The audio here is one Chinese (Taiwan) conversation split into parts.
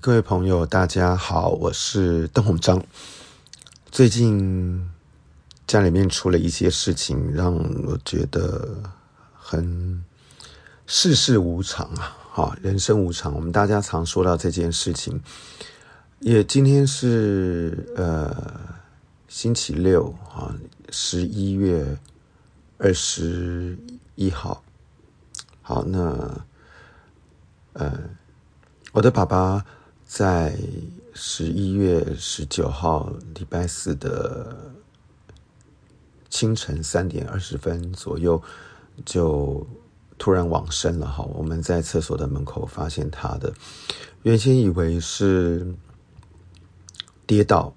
各位朋友，大家好，我是鄧鴻章。最近家裡面出了一些事情，讓我覺得很世事無常啊！哈，人生無常。我們大家常說到這件事情。也今天是呃星期六啊，十一月二十一號。好，那呃，我的爸爸。在十一月十九號禮拜四的清晨三點二十分左右，就突然往生了，我們在廁所的門口發現他的，原先以為是跌倒，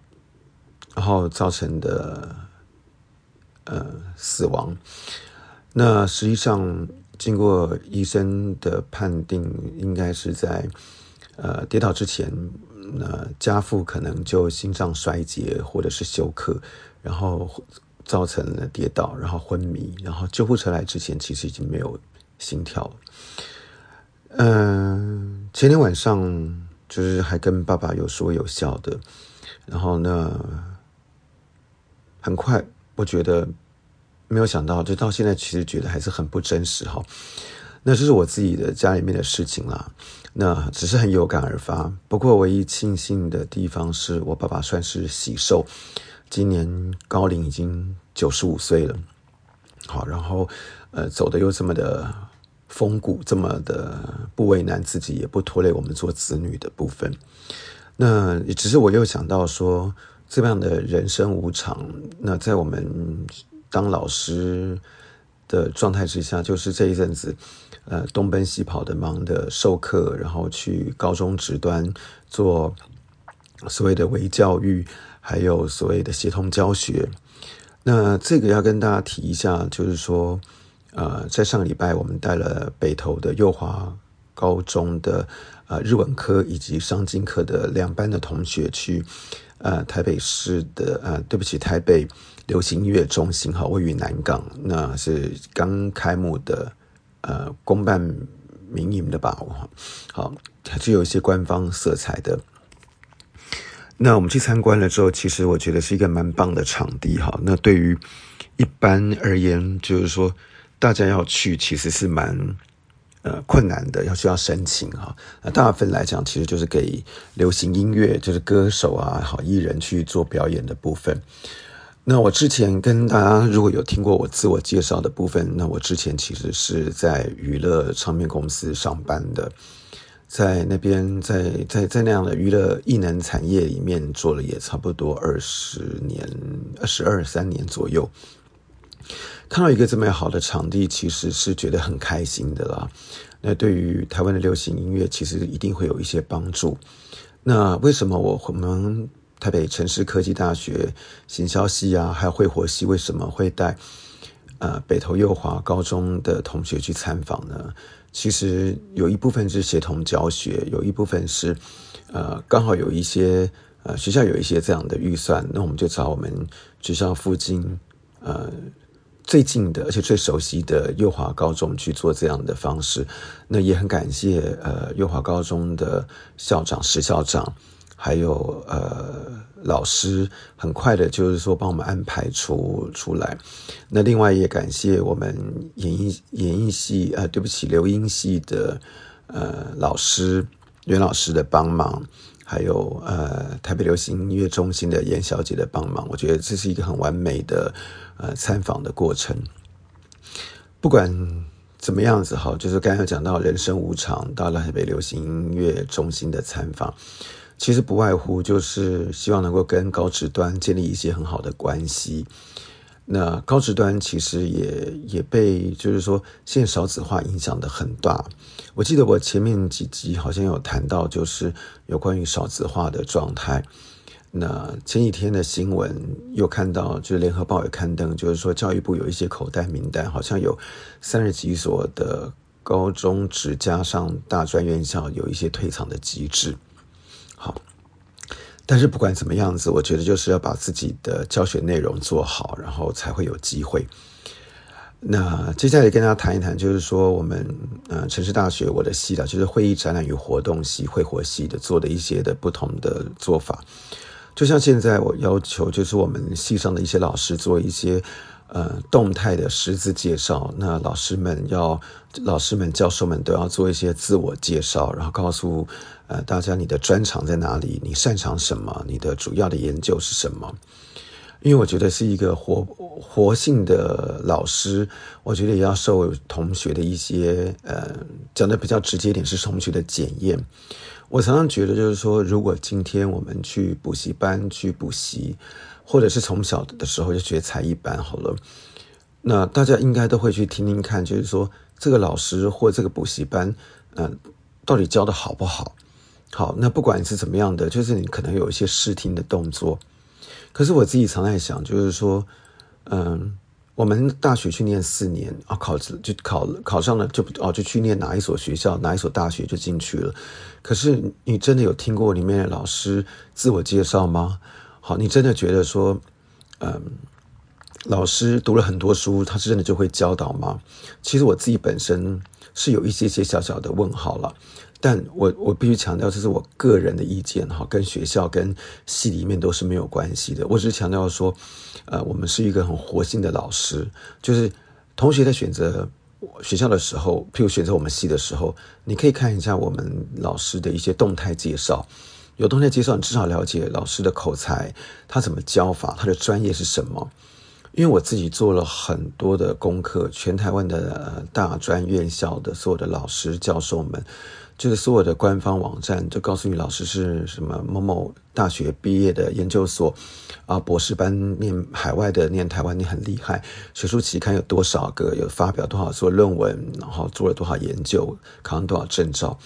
然後造成的呃死亡。那實際上經過醫生的判定，應該是在。呃，跌倒之前，呃，家父可能就心臟衰竭或者是休克，然後造成了跌倒，然後昏迷，然後救護車來之前其實已經沒有心跳了。嗯，呃，前天晚上就是還跟爸爸有說有笑的，然後呢，很快我覺得沒有想到，就到現在其實覺得還是很不真實齁。那這是我自己的家裡面的事情啦。那只是很有感而發，不過唯一慶幸的地方是我爸爸算是喜壽，今年高齡已經九十五歲了。好，然後呃，走得又這麼的風骨，這麼的不為難自己，也不拖累我們做子女的部分。那只是我又想到說，這樣的人生無常，那在我們當老師的狀態之下，就是這一陣子。呃，東奔西跑的忙的授課，然後去高中職端，做所謂的微教育，還有所謂的協同教學。那這個要跟大家提一下，就是說，呃，在上個禮拜我們帶了北投的右華高中的呃日文科以及商經科的兩班的同學去呃台北市的呃，對不起，台北流行音樂中心哈，位於南港，那是剛開幕的。呃，公辦民營的吧。好，還是有一些官方色彩的。那我們去參觀了之後，其實我覺得是一個蠻棒的場地哈。那對於一般而言，就是說大家要去，其實是蠻呃困難的，要需要申請哈。大部分來講，其實就是給流行音樂，就是歌手啊好藝人去做表演的部分。那我之前跟大家如果有聽過我自我介紹的部分，那我之前其實是在娛樂唱片公司上班的，在那邊在在在那樣的娛樂藝能產業裡面做了也差不多二十年二十二三年左右，看到一個這麼好的場地，其實是覺得很開心的啦。那對於台灣的流行音樂，其實一定會有一些幫助。那為什麼我我們？台北城市科技大學行銷系啊，還有會活系，為什麼會帶呃北投右華高中的同學去參訪呢？其實有一部分是協同教學，有一部分是呃剛好有一些呃學校有一些這樣的預算，那我們就找我們學校附近呃最近的而且最熟悉的右華高中去做這樣的方式。那也很感謝呃右華高中的校長石校長。還有呃，老師很快的，就是說幫我們安排出出來。那另外也感謝我們演藝演藝系呃對不起，流音系的呃老師袁老師的幫忙，還有呃台北流行音樂中心的嚴小姐的幫忙。我覺得這是一個很完美的呃參訪的過程。不管怎麼樣子哈，就是剛才講到人生無常，到了台北流行音樂中心的參訪。其實不外乎就是希望能夠跟高職端建立一些很好的關係。那高職端其實也也被就是說現在少子化影響得很大。我記得我前面幾集好像有談到，就是有關於少子化的狀態。那前幾天的新聞又看到，就是《聯合報》有刊登，就是說教育部有一些口袋名單，好像有三十幾所的高中職加上大專院校有一些退場的機制。但是不管怎麼樣子，我覺得就是要把自己的教學內容做好，然後才會有機會。那接下來跟大家談一談，就是說我們呃城市大學我的系啦，就是會議展覽與活動系、會活系的做的一些的不同的做法。就像現在我要求，就是我們系上的一些老師做一些。呃，動態的師資介紹，那老師們要，老師們、教授們都要做一些自我介紹，然後告訴呃大家你的專長在哪裡，你擅長什麼，你的主要的研究是什麼。因為我覺得是一個活活性的老師，我覺得也要受同學的一些呃，講的比較直接一點是同學的檢驗。我常常覺得就是說，如果今天我們去補習班去補習。或者是從小的時候就學才藝班好了，那大家應該都會去聽聽看，就是說這個老師或這個補習班，嗯、呃，到底教得好不好？好，那不管是怎麼樣的，就是你可能有一些試聽的動作。可是我自己常在想，就是說，嗯、呃，我們大學去念四年啊、哦，考就考考上了就哦就去念哪一所學校哪一所大學就進去了，可是你真的有聽過裡面的老師自我介紹嗎？好，你真的覺得說，嗯、呃，老師讀了很多書，他是真的就會教導嗎？其實我自己本身是有一些些小小的問號了。但我我必須強調，這是我個人的意見哈，跟學校跟系裡面都是沒有關係的。我只是強調說，呃，我們是一個很活性的老師，就是同學在選擇學校的時候，譬如選擇我們系的時候，你可以看一下我們老師的一些動態介紹。有同學介紹，你至少了解老師的口才，他怎麼教法，他的專業是什麼？因為我自己做了很多的功課，全台灣的大專院校的所有的老師教授們，就是所有的官方網站，就告訴你老師是什麼某某大學畢業的研究所啊，博士班念海外的念台灣，你很厲害，學術期刊有多少個，有發表多少做論文，然後做了多少研究，考上多少證照。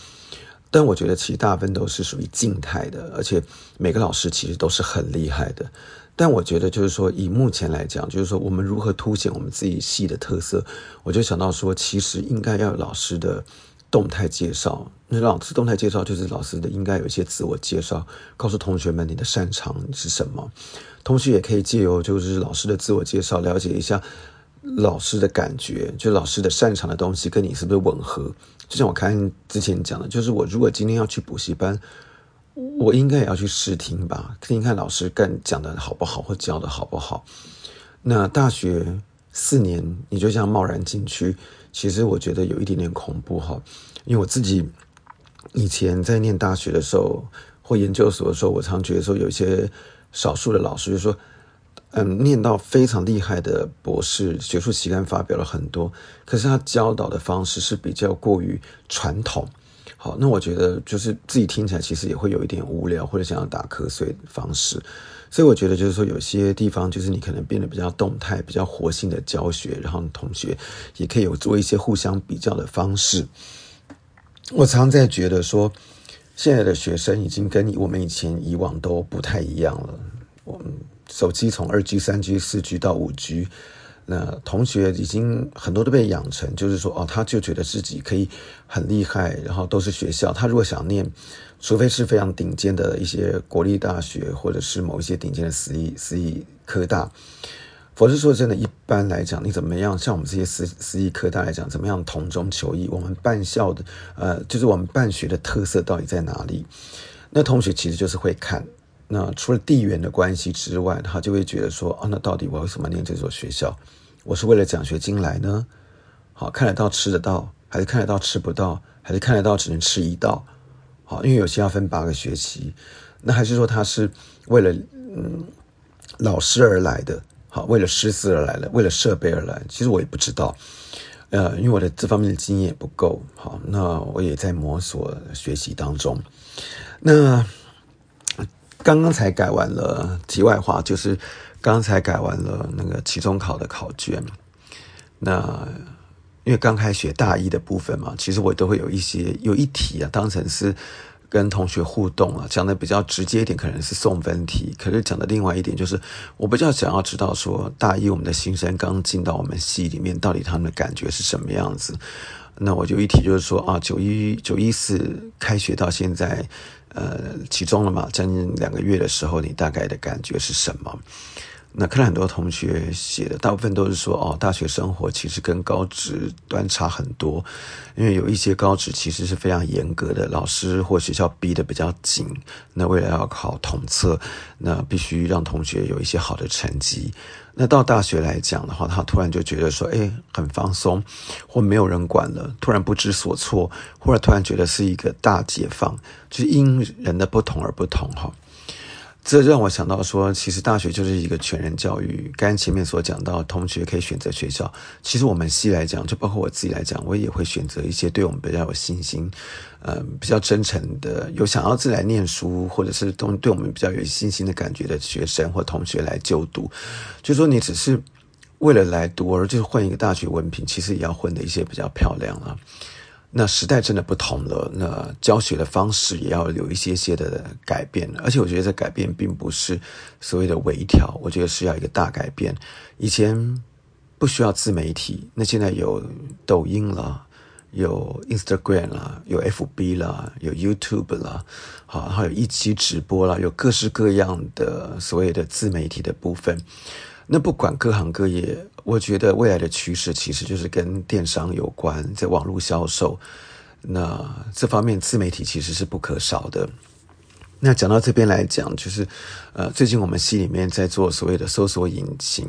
但我覺得其實大部分都是屬於靜態的，而且每個老師其實都是很厲害的。但我覺得就是說，以目前來講，就是說我們如何凸顯我們自己系的特色，我就想到說，其實應該要有老師的動態介紹。那老師動態介紹就是老師的應該有一些自我介紹，告訴同學們你的擅長是什麼，同時也可以借由就是老師的自我介紹了解一下。老師的感覺，就老師的擅長的東西跟你是不是吻合？就像我看之前講的，就是我如果今天要去補習班，我應該也要去試聽吧，聽看老師干講的好不好，或教的好不好。那大學四年，你就這樣貿然進去，其實我覺得有一點點恐怖哈。因為我自己以前在念大學的時候或研究所的時候，我常覺得說，有一些少數的老師就說。嗯，念到非常厲害的博士，學術期刊發表了很多，可是他教導的方式是比較過於傳統。好，那我覺得就是自己聽起來其實也會有一點無聊，或者想要打瞌睡的方式。所以我覺得就是說，有些地方就是你可能變得比較動態、比較活性的教學，然後同學也可以有做一些互相比較的方式。我常在覺得說，現在的學生已經跟你我們以前以往都不太一樣了。我、嗯。手機從二 G、三 G、四 G 到五 G，那同學已經很多都被養成，就是說哦，他就覺得自己可以很厲害。然後都是學校，他如果想念，除非是非常頂尖的一些國立大學，或者是某一些頂尖的私立私立科大。否則說真的，一般來講，你怎麼樣？像我們這些私立科大來講，怎麼樣同中求異？我們辦校的，呃，就是我們辦學的特色到底在哪裡？那同學其實就是會看。那除了地緣的關係之外，他就會覺得說：啊、哦，那到底我為什麼念這所學校？我是為了獎學金來呢？好，看得到吃得到，還是看得到吃不到？還是看得到只能吃一道？好，因為有些要分八個學期。那還是說他是為了嗯老師而來的？好，為了師資而來的，為了設備而來？其實我也不知道，呃，因為我的這方面的經驗不夠。好，那我也在摸索學習當中。那。剛剛才改完了，題外話就是，剛才改完了那個期中考的考卷。那因為剛開學大一的部分嘛，其實我都會有一些有一題啊，當成是跟同學互動啊，講的比較直接一點，可能是送分題。可是講的另外一點就是，我比較想要知道說，大一我們的新生剛進到我們系裡面，到底他們的感覺是什麼樣子？那我就一題就是說啊，九一九一四開學到現在。呃，其中了嘛，將近兩個月的時候，你大概的感覺是什麼？那看來很多同學寫的，大部分都是說哦，大學生活其實跟高職端差很多，因為有一些高職其實是非常嚴格的，老師或學校逼得比較緊。那為了要考統測，那必須讓同學有一些好的成績。那到大學來講的話，他突然就覺得說，誒、哎，很放鬆，或沒有人管了，突然不知所措，或者突然覺得是一個大解放，就是因人的不同而不同，哈、哦。這讓我想到說，其實大學就是一個全人教育。剛才前面所講到，同學可以選擇學校。其實我們系來講，就包括我自己來講，我也會選擇一些對我們比較有信心、嗯、呃、比較真誠的、有想要自己來念書，或者是對我們比較有信心的感覺的學生或同學來就讀。就說你只是為了來讀而就是混一個大學文憑，其實也要混的一些比較漂亮了、啊。那時代真的不同了，那教學的方式也要有一些些的改變，而且我覺得這改變並不是所謂的微調，我覺得是要一個大改變。以前不需要自媒體，那現在有抖音了，有 Instagram 啦，有 FB 啦，有 YouTube 啦，好，然後有一期直播啦，有各式各樣的所謂的自媒體的部分。那不管各行各業。我覺得未來的趨勢其實就是跟電商有關，在網絡銷售，那這方面自媒體其實是不可少的。那講到這邊來講，就是呃，最近我們系裡面在做所謂的搜索引擎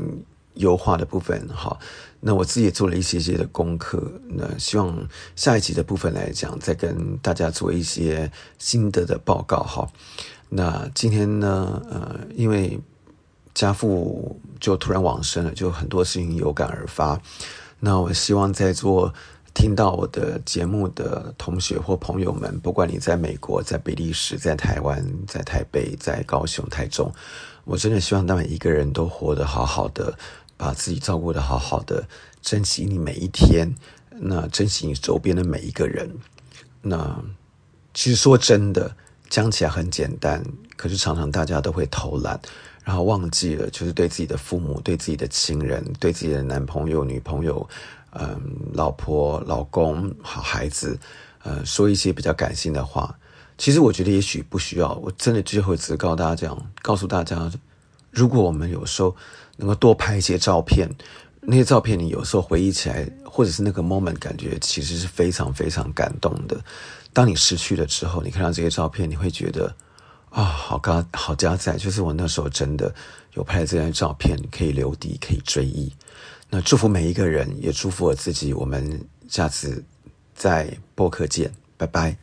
優化的部分，哈。那我自己也做了一些些的功課，那希望下一集的部分來講，再跟大家做一些心得的報告，哈。那今天呢，呃，因為。家父就突然往生了，就很多事情有感而發。那我希望在座聽到我的節目的同學或朋友們，不管你在美國、在比利時、在台灣、在台北、在高雄、台中，我真的希望他們一個人都活得好好的，把自己照顧得好好的，珍惜你每一天，那珍惜你周邊的每一個人。那其實說真的，講起來很簡單，可是常常大家都會偷懶。然後忘記了，就是對自己的父母、對自己的親人、對自己的男朋友、女朋友，嗯、呃，老婆、老公、好孩子，呃，說一些比較感性的話。其實我覺得也許不需要。我真的最後一次告訴大家這樣，告訴大家，如果我們有時候能夠多拍一些照片，那些照片你有時候回憶起來，或者是那個 moment 感覺其實是非常非常感動的。當你失去了之後，你看到這些照片，你會覺得。啊、哦，好佳哉，好佳哉，就是我那時候真的有拍了這張照片，可以留底，可以追憶。那祝福每一個人，也祝福我自己。我們下次在播客見，拜拜。